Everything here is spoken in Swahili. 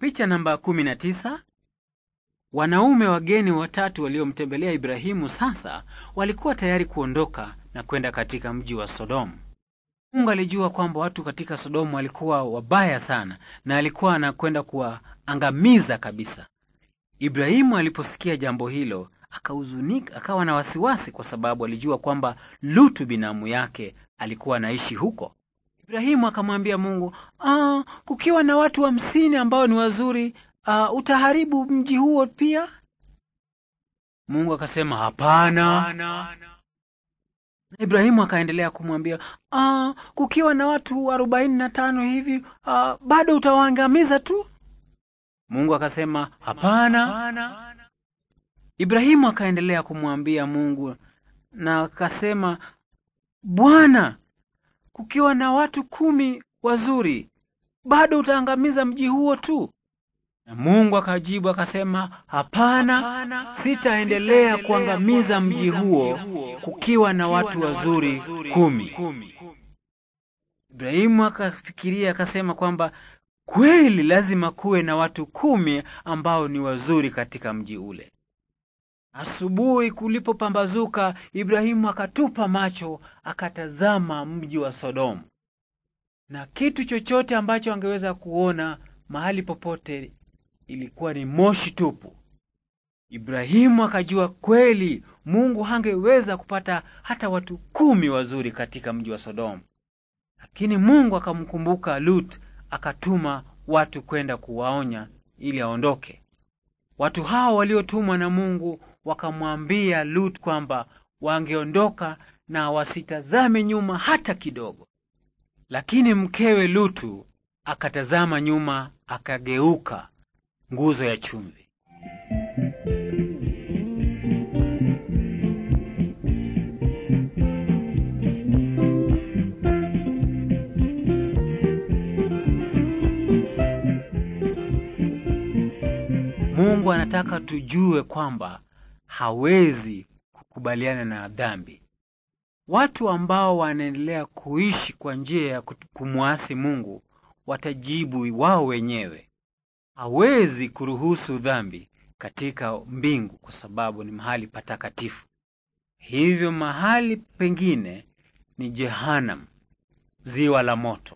Picha namba 19. Wanaume wageni watatu waliomtembelea Ibrahimu sasa walikuwa tayari kuondoka na kwenda katika mji wa Sodomu. Mungu alijua kwamba watu katika Sodomu walikuwa wabaya sana na alikuwa anakwenda kuwaangamiza kabisa. Ibrahimu aliposikia jambo hilo akahuzunika, akawa na wasiwasi, kwa sababu alijua kwamba Lutu binamu yake alikuwa anaishi huko. Ibrahimu akamwambia Mungu, ah, kukiwa na watu hamsini ambao ni wazuri, ah, utaharibu mji huo pia? Mungu akasema hapana. Ibrahimu akaendelea kumwambia, ah, kukiwa na watu arobaini na tano hivi, ah, bado utawaangamiza tu? Mungu akasema hapana. Ibrahimu akaendelea kumwambia Mungu na akasema, Bwana, kukiwa na watu kumi wazuri, bado utaangamiza mji huo tu? Na Mungu akajibu akasema, hapana, sitaendelea kuangamiza mji huo kukiwa na watu wazuri kumi. Ibrahimu akafikiria akasema kwamba kweli lazima kuwe na watu kumi ambao ni wazuri katika mji ule. Asubuhi kulipopambazuka, Ibrahimu akatupa macho akatazama mji wa Sodomu, na kitu chochote ambacho angeweza kuona mahali popote ilikuwa ni moshi tupu. Ibrahimu akajua kweli Mungu hangeweza kupata hata watu kumi wazuri katika mji wa Sodomu, lakini Mungu akamkumbuka Lut, akatuma watu kwenda kuwaonya ili aondoke. Watu hao waliotumwa na Mungu wakamwambia Lut kwamba wangeondoka na wasitazame nyuma hata kidogo. Lakini mkewe Lutu akatazama nyuma, akageuka nguzo ya chumvi. Mungu anataka tujue kwamba hawezi kukubaliana na dhambi. Watu ambao wanaendelea kuishi kwa njia ya kumwasi Mungu watajibu wao wenyewe. Hawezi kuruhusu dhambi katika mbingu kwa sababu ni mahali patakatifu. Hivyo mahali pengine ni Jehanamu, ziwa la moto.